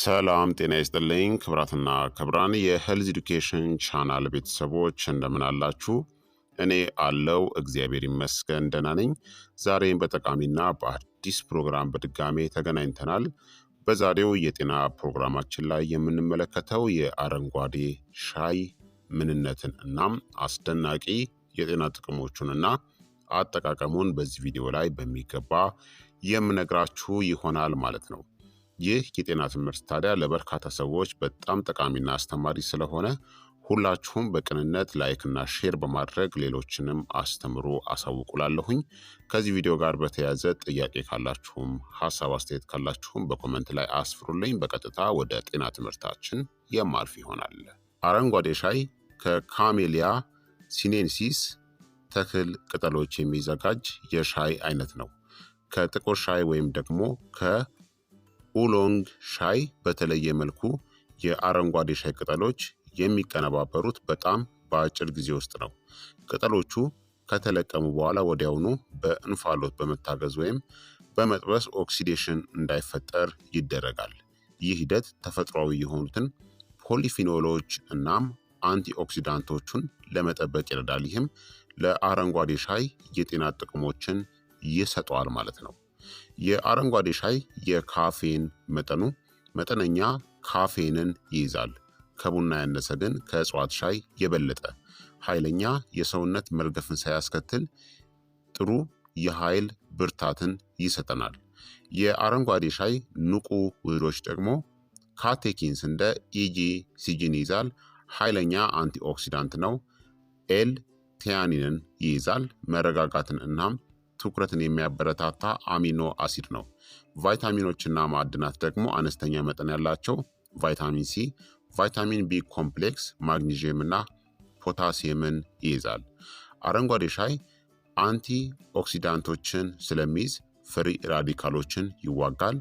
ሰላም ጤና ይስጥልኝ ክብራትና ክብራን የሄልዝ ኤዱኬሽን ቻናል ቤተሰቦች እንደምን አላችሁ? እኔ አለው እግዚአብሔር ይመስገን ደህና ነኝ። ዛሬም በጠቃሚና በአዲስ ፕሮግራም በድጋሜ ተገናኝተናል። በዛሬው የጤና ፕሮግራማችን ላይ የምንመለከተው የአረንጓዴ ሻይ ምንነትን እናም አስደናቂ የጤና ጥቅሞቹንና አጠቃቀሙን በዚህ ቪዲዮ ላይ በሚገባ የምነግራችሁ ይሆናል ማለት ነው። ይህ የጤና ትምህርት ታዲያ ለበርካታ ሰዎች በጣም ጠቃሚና አስተማሪ ስለሆነ ሁላችሁም በቅንነት ላይክና ሼር በማድረግ ሌሎችንም አስተምሩ አሳውቁላለሁኝ። ከዚህ ቪዲዮ ጋር በተያያዘ ጥያቄ ካላችሁም ሀሳብ አስተያየት ካላችሁም በኮመንት ላይ አስፍሩልኝ። በቀጥታ ወደ ጤና ትምህርታችን የማልፍ ይሆናል። አረንጓዴ ሻይ ከካሜሊያ ሲኔንሲስ ተክል ቅጠሎች የሚዘጋጅ የሻይ አይነት ነው። ከጥቁር ሻይ ወይም ደግሞ ከ ኡሎንግ ሻይ በተለየ መልኩ የአረንጓዴ ሻይ ቅጠሎች የሚቀነባበሩት በጣም በአጭር ጊዜ ውስጥ ነው። ቅጠሎቹ ከተለቀሙ በኋላ ወዲያውኑ በእንፋሎት በመታገዝ ወይም በመጥበስ ኦክሲዴሽን እንዳይፈጠር ይደረጋል። ይህ ሂደት ተፈጥሯዊ የሆኑትን ፖሊፊኖሎች እናም አንቲኦክሲዳንቶቹን ለመጠበቅ ይረዳል። ይህም ለአረንጓዴ ሻይ የጤና ጥቅሞችን ይሰጠዋል ማለት ነው። የአረንጓዴ ሻይ የካፌን መጠኑ መጠነኛ ካፌንን ይይዛል። ከቡና ያነሰ ግን ከእጽዋት ሻይ የበለጠ ኃይለኛ የሰውነት መርገፍን ሳያስከትል ጥሩ የኃይል ብርታትን ይሰጠናል። የአረንጓዴ ሻይ ንቁ ውህዶች ደግሞ ካቴኪንስ እንደ ኢጂ ሲጂን ይይዛል። ኃይለኛ አንቲኦክሲዳንት ነው። ኤል ቲያኒንን ይይዛል። መረጋጋትን እናም ትኩረትን የሚያበረታታ አሚኖ አሲድ ነው። ቫይታሚኖችና ማዕድናት ደግሞ አነስተኛ መጠን ያላቸው ቫይታሚን ሲ፣ ቫይታሚን ቢ ኮምፕሌክስ፣ ማግኒዥየምና ፖታሲየምን ይይዛል። አረንጓዴ ሻይ አንቲ ኦክሲዳንቶችን ስለሚይዝ ፍሪ ራዲካሎችን ይዋጋል።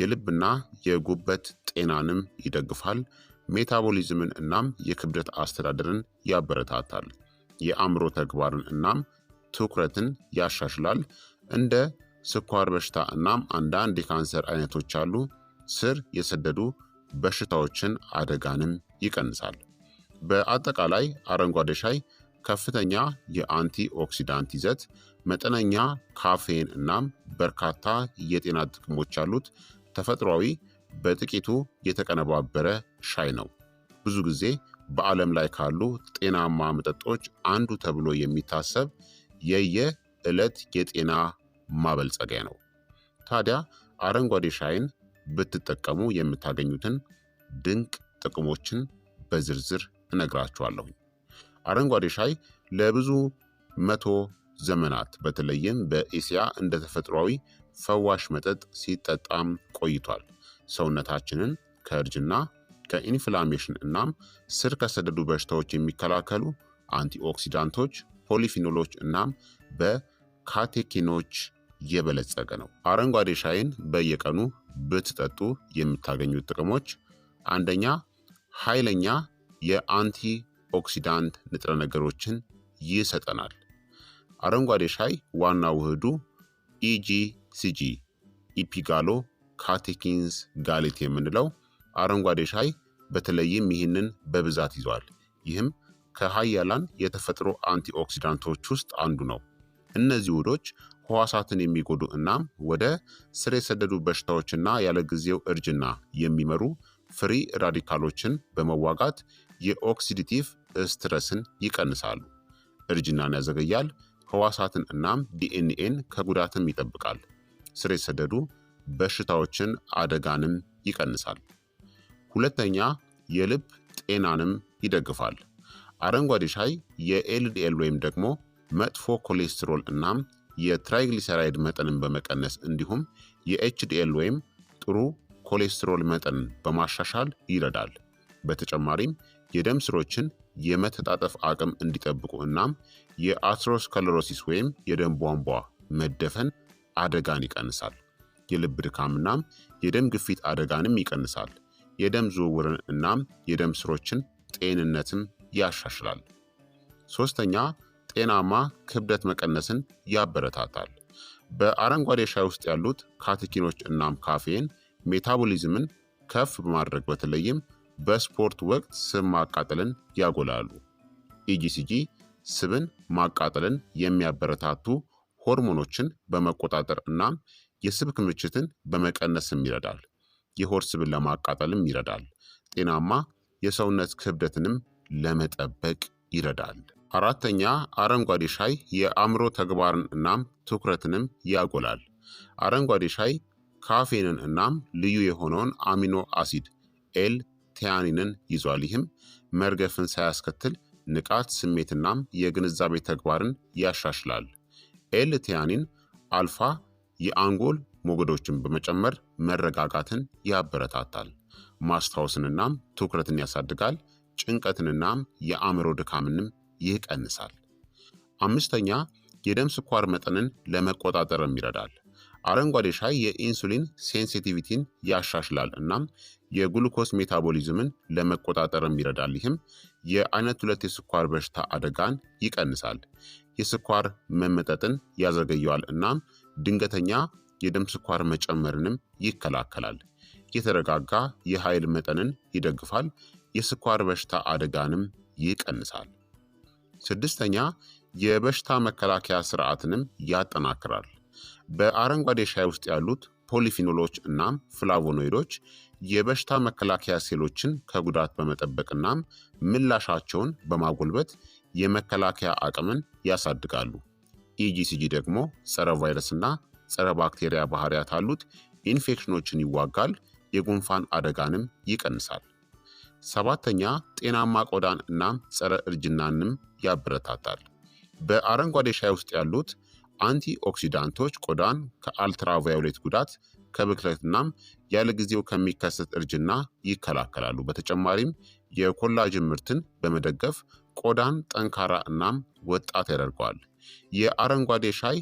የልብና የጉበት ጤናንም ይደግፋል። ሜታቦሊዝምን እናም የክብደት አስተዳደርን ያበረታታል። የአእምሮ ተግባርን እናም ትኩረትን ያሻሽላል። እንደ ስኳር በሽታ እናም አንዳንድ የካንሰር አይነቶች አሉ ስር የሰደዱ በሽታዎችን አደጋንም ይቀንሳል። በአጠቃላይ አረንጓዴ ሻይ ከፍተኛ የአንቲ ኦክሲዳንት ይዘት፣ መጠነኛ ካፌን እናም በርካታ የጤና ጥቅሞች ያሉት ተፈጥሯዊ በጥቂቱ የተቀነባበረ ሻይ ነው። ብዙ ጊዜ በዓለም ላይ ካሉ ጤናማ መጠጦች አንዱ ተብሎ የሚታሰብ የየ ዕለት የጤና ማበልጸጊያ ነው። ታዲያ አረንጓዴ ሻይን ብትጠቀሙ የምታገኙትን ድንቅ ጥቅሞችን በዝርዝር እነግራችኋለሁኝ። አረንጓዴ ሻይ ለብዙ መቶ ዘመናት በተለይም በኢሲያ እንደ ተፈጥሯዊ ፈዋሽ መጠጥ ሲጠጣም ቆይቷል። ሰውነታችንን ከእርጅና ከኢንፍላሜሽን እናም ስር ከሰደዱ በሽታዎች የሚከላከሉ አንቲኦክሲዳንቶች በፖሊፊኖሎች እናም በካቴኪኖች የበለጸገ ነው። አረንጓዴ ሻይን በየቀኑ ብትጠጡ የምታገኙት ጥቅሞች አንደኛ ኃይለኛ የአንቲ ኦክሲዳንት ንጥረ ነገሮችን ይሰጠናል። አረንጓዴ ሻይ ዋና ውህዱ ኢጂሲጂ ኢፒጋሎ ካቴኪንስ ጋሌት የምንለው አረንጓዴ ሻይ በተለይም ይህንን በብዛት ይዟል። ይህም ከሀያላን የተፈጥሮ አንቲኦክሲዳንቶች ውስጥ አንዱ ነው። እነዚህ ውህዶች ህዋሳትን የሚጎዱ እናም ወደ ስር የሰደዱ በሽታዎችና ያለ ጊዜው እርጅና የሚመሩ ፍሪ ራዲካሎችን በመዋጋት የኦክሲዲቲቭ ስትረስን ይቀንሳሉ፣ እርጅናን ያዘገያል፣ ህዋሳትን እናም ዲኤንኤን ከጉዳትም ይጠብቃል። ስር የሰደዱ በሽታዎችን አደጋንም ይቀንሳል። ሁለተኛ የልብ ጤናንም ይደግፋል። አረንጓዴ ሻይ የኤልዲኤል ወይም ደግሞ መጥፎ ኮሌስትሮል እናም የትራይግሊሰራይድ መጠንን በመቀነስ እንዲሁም የኤችዲኤል ወይም ጥሩ ኮሌስትሮል መጠንን በማሻሻል ይረዳል። በተጨማሪም የደም ስሮችን የመተጣጠፍ አቅም እንዲጠብቁ እናም የአትሮስከለሮሲስ ወይም የደም ቧንቧ መደፈን አደጋን ይቀንሳል። የልብ ድካም እናም የደም ግፊት አደጋንም ይቀንሳል። የደም ዝውውርን እናም የደም ስሮችን ጤንነትም ያሻሽላል። ሶስተኛ ጤናማ ክብደት መቀነስን ያበረታታል። በአረንጓዴ ሻይ ውስጥ ያሉት ካቴኪኖች እናም ካፌን ሜታቦሊዝምን ከፍ በማድረግ በተለይም በስፖርት ወቅት ስብ ማቃጠልን ያጎላሉ። ኢጂሲጂ ስብን ማቃጠልን የሚያበረታቱ ሆርሞኖችን በመቆጣጠር እናም የስብ ክምችትን በመቀነስም ይረዳል። የሆድ ስብን ለማቃጠልም ይረዳል። ጤናማ የሰውነት ክብደትንም ለመጠበቅ ይረዳል። አራተኛ አረንጓዴ ሻይ የአእምሮ ተግባርን እናም ትኩረትንም ያጎላል። አረንጓዴ ሻይ ካፌንን እናም ልዩ የሆነውን አሚኖ አሲድ ኤል ቲያኒንን ይዟል። ይህም መርገፍን ሳያስከትል ንቃት፣ ስሜትናም የግንዛቤ ተግባርን ያሻሽላል። ኤል ቲያኒን አልፋ የአንጎል ሞገዶችን በመጨመር መረጋጋትን ያበረታታል። ማስታወስንናም ትኩረትን ያሳድጋል። ጭንቀትንና የአእምሮ ድካምንም ይቀንሳል። አምስተኛ የደም ስኳር መጠንን ለመቆጣጠርም ይረዳል። አረንጓዴ ሻይ የኢንሱሊን ሴንሲቲቪቲን ያሻሽላል እናም የግሉኮስ ሜታቦሊዝምን ለመቆጣጠርም ይረዳል። ይህም የአይነት ሁለት የስኳር በሽታ አደጋን ይቀንሳል፣ የስኳር መመጠጥን ያዘገየዋል እናም ድንገተኛ የደም ስኳር መጨመርንም ይከላከላል። የተረጋጋ የኃይል መጠንን ይደግፋል፣ የስኳር በሽታ አደጋንም ይቀንሳል። ስድስተኛ የበሽታ መከላከያ ስርዓትንም ያጠናክራል። በአረንጓዴ ሻይ ውስጥ ያሉት ፖሊፊኖሎች እናም ፍላቮኖይዶች የበሽታ መከላከያ ሴሎችን ከጉዳት በመጠበቅ ምላሻቸውን በማጎልበት የመከላከያ አቅምን ያሳድጋሉ። ኢጂሲጂ ደግሞ ጸረ ቫይረስና ጸረ ባክቴሪያ ባህሪያት አሉት። ኢንፌክሽኖችን ይዋጋል። የጉንፋን አደጋንም ይቀንሳል። ሰባተኛ ጤናማ ቆዳን እናም ጸረ እርጅናንም ያበረታታል። በአረንጓዴ ሻይ ውስጥ ያሉት አንቲ ኦክሲዳንቶች ቆዳን ከአልትራቫዮሌት ጉዳት ከብክለትናም ያለ ጊዜው ከሚከሰት እርጅና ይከላከላሉ። በተጨማሪም የኮላጅን ምርትን በመደገፍ ቆዳን ጠንካራ እናም ወጣት ያደርገዋል። የአረንጓዴ ሻይ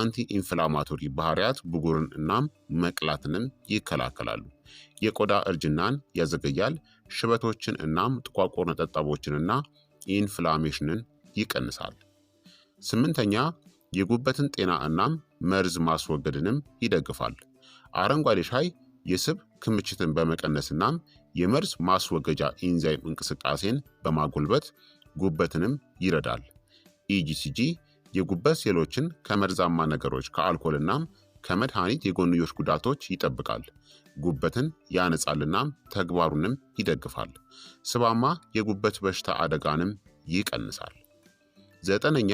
አንቲ ኢንፍላማቶሪ ባህሪያት ብጉርን እናም መቅላትንም ይከላከላሉ። የቆዳ እርጅናን ያዘገያል። ሽበቶችን እናም ጥቋቁር ነጠብጣቦችንና ኢንፍላሜሽንን ይቀንሳል። ስምንተኛ የጉበትን ጤና እናም መርዝ ማስወገድንም ይደግፋል። አረንጓዴ ሻይ የስብ ክምችትን በመቀነስ እናም የመርዝ ማስወገጃ ኢንዛይም እንቅስቃሴን በማጎልበት ጉበትንም ይረዳል። ኢጂሲጂ የጉበት ሴሎችን ከመርዛማ ነገሮች ከአልኮል እናም ከመድኃኒት የጎንዮሽ ጉዳቶች ይጠብቃል፣ ጉበትን ያነጻልናም ተግባሩንም ይደግፋል። ስባማ የጉበት በሽታ አደጋንም ይቀንሳል። ዘጠነኛ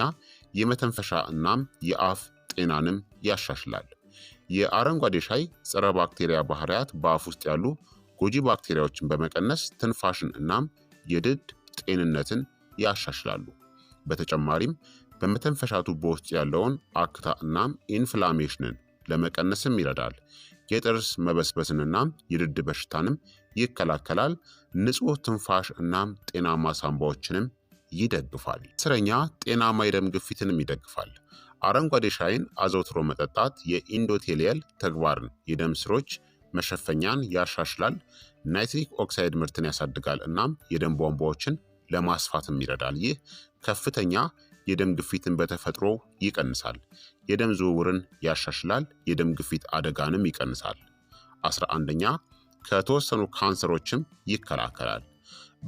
የመተንፈሻ እናም የአፍ ጤናንም ያሻሽላል። የአረንጓዴ ሻይ ጸረ ባክቴሪያ ባህሪያት በአፍ ውስጥ ያሉ ጎጂ ባክቴሪያዎችን በመቀነስ ትንፋሽን እናም የድድ ጤንነትን ያሻሽላሉ። በተጨማሪም በመተንፈሻ ቱቦ ውስጥ ያለውን አክታ እናም ኢንፍላሜሽንን ለመቀነስም ይረዳል። የጥርስ መበስበስንና የድድ በሽታንም ይከላከላል። ንጹህ ትንፋሽ እናም ጤናማ ሳንባዎችንም ይደግፋል። አስረኛ ጤናማ የደም ግፊትንም ይደግፋል። አረንጓዴ ሻይን አዘውትሮ መጠጣት የኢንዶቴሊየል ተግባርን፣ የደም ስሮች መሸፈኛን ያሻሽላል። ናይትሪክ ኦክሳይድ ምርትን ያሳድጋል እናም የደም ቧንቧዎችን ለማስፋትም ይረዳል። ይህ ከፍተኛ የደም ግፊትን በተፈጥሮ ይቀንሳል። የደም ዝውውርን ያሻሽላል። የደም ግፊት አደጋንም ይቀንሳል። አስራ አንደኛ ከተወሰኑ ካንሰሮችም ይከላከላል።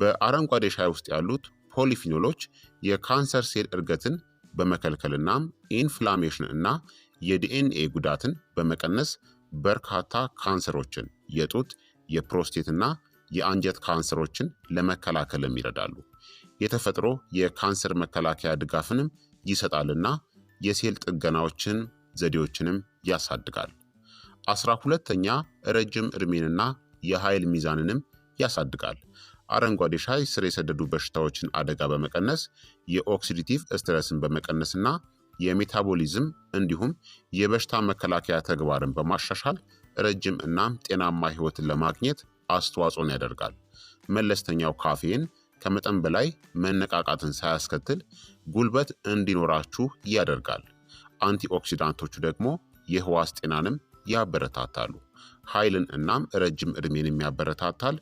በአረንጓዴ ሻይ ውስጥ ያሉት ፖሊፊኖሎች የካንሰር ሴል እድገትን በመከልከልናም ኢንፍላሜሽን እና የዲኤንኤ ጉዳትን በመቀነስ በርካታ ካንሰሮችን የጡት፣ የፕሮስቴትና የአንጀት ካንሰሮችን ለመከላከልም ይረዳሉ። የተፈጥሮ የካንሰር መከላከያ ድጋፍንም ይሰጣልና የሴል ጥገናዎችን ዘዴዎችንም ያሳድጋል። አስራ ሁለተኛ ረጅም እድሜንና የኃይል ሚዛንንም ያሳድጋል። አረንጓዴ ሻይ ስር የሰደዱ በሽታዎችን አደጋ በመቀነስ የኦክሲዲቲቭ ስትረስን በመቀነስና የሜታቦሊዝም እንዲሁም የበሽታ መከላከያ ተግባርን በማሻሻል ረጅም እናም ጤናማ ህይወትን ለማግኘት አስተዋጽኦን ያደርጋል። መለስተኛው ካፌን ከመጠን በላይ መነቃቃትን ሳያስከትል ጉልበት እንዲኖራችሁ ያደርጋል። አንቲኦክሲዳንቶቹ ደግሞ የህዋስ ጤናንም ያበረታታሉ። ኃይልን እናም ረጅም ዕድሜንም ያበረታታል።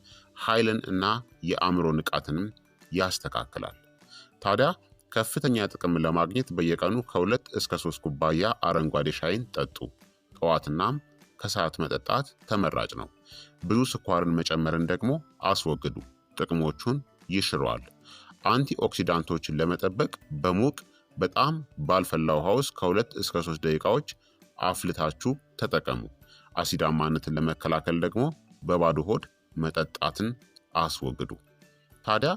ኃይልን እና የአእምሮ ንቃትንም ያስተካክላል። ታዲያ ከፍተኛ ጥቅም ለማግኘት በየቀኑ ከሁለት እስከ ሶስት ኩባያ አረንጓዴ ሻይን ጠጡ። ጠዋትናም ከሰዓት መጠጣት ተመራጭ ነው። ብዙ ስኳርን መጨመርን ደግሞ አስወግዱ። ጥቅሞቹን ይሽረዋል። አንቲ ኦክሲዳንቶችን ለመጠበቅ በሙቅ በጣም ባልፈላ ውሃ ውስጥ ከሁለት እስከ ሶስት ደቂቃዎች አፍልታችሁ ተጠቀሙ። አሲዳማነትን ለመከላከል ደግሞ በባዶ ሆድ መጠጣትን አስወግዱ። ታዲያ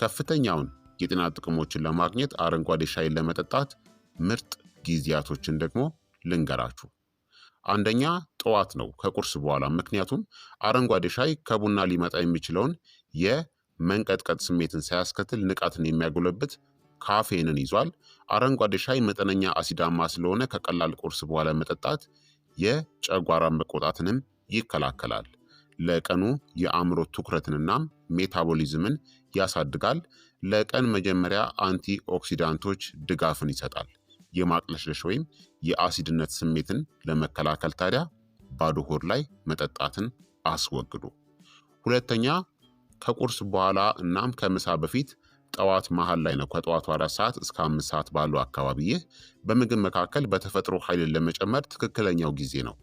ከፍተኛውን የጤና ጥቅሞችን ለማግኘት አረንጓዴ ሻይን ለመጠጣት ምርጥ ጊዜያቶችን ደግሞ ልንገራችሁ። አንደኛ ጠዋት ነው ከቁርስ በኋላ። ምክንያቱም አረንጓዴ ሻይ ከቡና ሊመጣ የሚችለውን የ መንቀጥቀጥ ስሜትን ሳያስከትል ንቃትን የሚያጎለብት ካፌንን ይዟል። አረንጓዴ ሻይ መጠነኛ አሲዳማ ስለሆነ ከቀላል ቁርስ በኋላ መጠጣት የጨጓራ መቆጣትንም ይከላከላል። ለቀኑ የአእምሮ ትኩረትንና ሜታቦሊዝምን ያሳድጋል። ለቀን መጀመሪያ አንቲ ኦክሲዳንቶች ድጋፍን ይሰጣል። የማቅለሽለሽ ወይም የአሲድነት ስሜትን ለመከላከል ታዲያ ባዶ ሆድ ላይ መጠጣትን አስወግዱ። ሁለተኛ ከቁርስ በኋላ እናም ከምሳ በፊት ጠዋት መሀል ላይ ነው ከጠዋቱ አራት ሰዓት እስከ አምስት ሰዓት ባለው አካባቢ ይህ በምግብ መካከል በተፈጥሮ ኃይልን ለመጨመር ትክክለኛው ጊዜ ነው።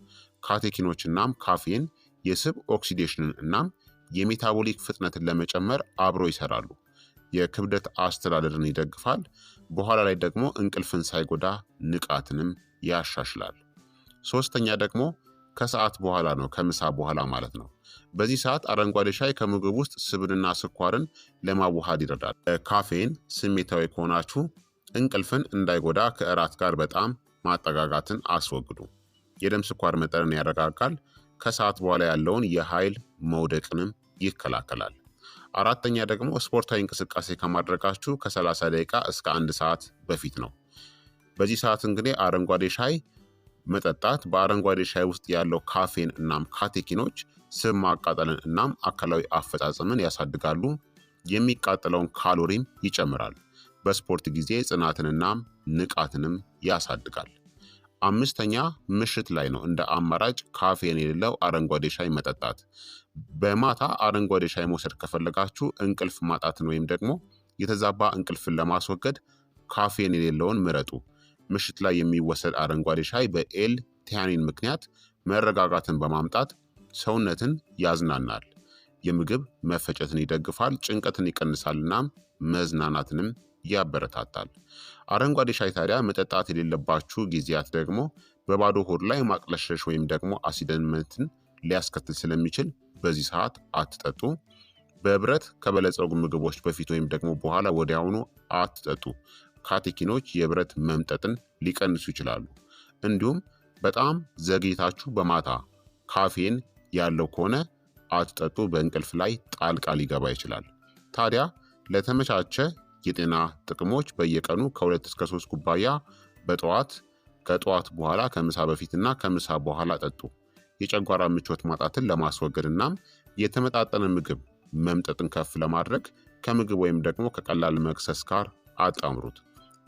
ካቴኪኖች እናም ካፌን የስብ ኦክሲዴሽንን እናም የሜታቦሊክ ፍጥነትን ለመጨመር አብሮ ይሰራሉ። የክብደት አስተዳደርን ይደግፋል። በኋላ ላይ ደግሞ እንቅልፍን ሳይጎዳ ንቃትንም ያሻሽላል። ሶስተኛ ደግሞ ከሰዓት በኋላ ነው፣ ከምሳ በኋላ ማለት ነው። በዚህ ሰዓት አረንጓዴ ሻይ ከምግብ ውስጥ ስብንና ስኳርን ለማዋሃድ ይረዳል። ካፌን ስሜታዊ ከሆናችሁ እንቅልፍን እንዳይጎዳ ከእራት ጋር በጣም ማጠጋጋትን አስወግዱ። የደም ስኳር መጠንን ያረጋጋል። ከሰዓት በኋላ ያለውን የኃይል መውደቅንም ይከላከላል። አራተኛ ደግሞ ስፖርታዊ እንቅስቃሴ ከማድረጋችሁ ከ30 ደቂቃ እስከ አንድ ሰዓት በፊት ነው። በዚህ ሰዓት እንግዲህ አረንጓዴ ሻይ መጠጣት በአረንጓዴ ሻይ ውስጥ ያለው ካፌን እናም ካቴኪኖች ስብ ማቃጠልን እናም አካላዊ አፈጻጸምን ያሳድጋሉ። የሚቃጠለውን ካሎሪም ይጨምራል። በስፖርት ጊዜ ጽናትንና ንቃትንም ያሳድጋል። አምስተኛ ምሽት ላይ ነው እንደ አማራጭ ካፌን የሌለው አረንጓዴ ሻይ መጠጣት። በማታ አረንጓዴ ሻይ መውሰድ ከፈለጋችሁ እንቅልፍ ማጣትን ወይም ደግሞ የተዛባ እንቅልፍን ለማስወገድ ካፌን የሌለውን ምረጡ። ምሽት ላይ የሚወሰድ አረንጓዴ ሻይ በኤል ቲያኒን ምክንያት መረጋጋትን በማምጣት ሰውነትን ያዝናናል። የምግብ መፈጨትን ይደግፋል፣ ጭንቀትን ይቀንሳል እናም መዝናናትንም ያበረታታል። አረንጓዴ ሻይ ታዲያ መጠጣት የሌለባችሁ ጊዜያት ደግሞ በባዶ ሆድ ላይ ማቅለሸሽ ወይም ደግሞ አሲደንመትን ሊያስከትል ስለሚችል በዚህ ሰዓት አትጠጡ። በብረት ከበለጸጉ ምግቦች በፊት ወይም ደግሞ በኋላ ወዲያውኑ አትጠጡ። ካቴኪኖች የብረት መምጠጥን ሊቀንሱ ይችላሉ። እንዲሁም በጣም ዘግይታችሁ በማታ ካፌን ያለው ከሆነ አትጠጡ፣ በእንቅልፍ ላይ ጣልቃ ሊገባ ይችላል። ታዲያ ለተመቻቸ የጤና ጥቅሞች በየቀኑ ከሁለት እስከ ሶስት ኩባያ በጠዋት ከጠዋት በኋላ ከምሳ በፊትና ከምሳ በኋላ ጠጡ። የጨጓራ ምቾት ማጣትን ለማስወገድ እናም የተመጣጠነ ምግብ መምጠጥን ከፍ ለማድረግ ከምግብ ወይም ደግሞ ከቀላል መክሰስ ጋር አጣምሩት።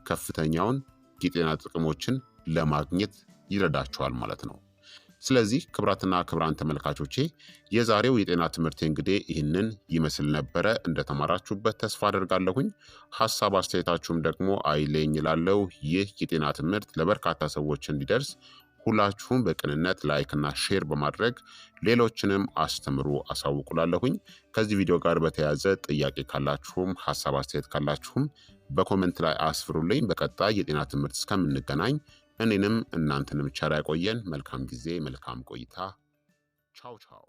ከፍተኛውን የጤና ጥቅሞችን ለማግኘት ይረዳቸዋል ማለት ነው። ስለዚህ ክብራትና ክብራን ተመልካቾቼ የዛሬው የጤና ትምህርት እንግዲህ ይህንን ይመስል ነበረ። እንደተማራችሁበት ተስፋ አደርጋለሁኝ። ሀሳብ አስተያየታችሁም ደግሞ አይለኝ ይላለው። ይህ የጤና ትምህርት ለበርካታ ሰዎች እንዲደርስ ሁላችሁም በቅንነት ላይክና ሼር በማድረግ ሌሎችንም አስተምሩ አሳውቁላለሁኝ። ከዚህ ቪዲዮ ጋር በተያያዘ ጥያቄ ካላችሁም ሀሳብ አስተያየት ካላችሁም በኮሜንት ላይ አስፍሩልኝ። በቀጣይ የጤና ትምህርት እስከምንገናኝ እኔንም እናንተንም ቸር ያቆየን። መልካም ጊዜ፣ መልካም ቆይታ። ቻው ቻው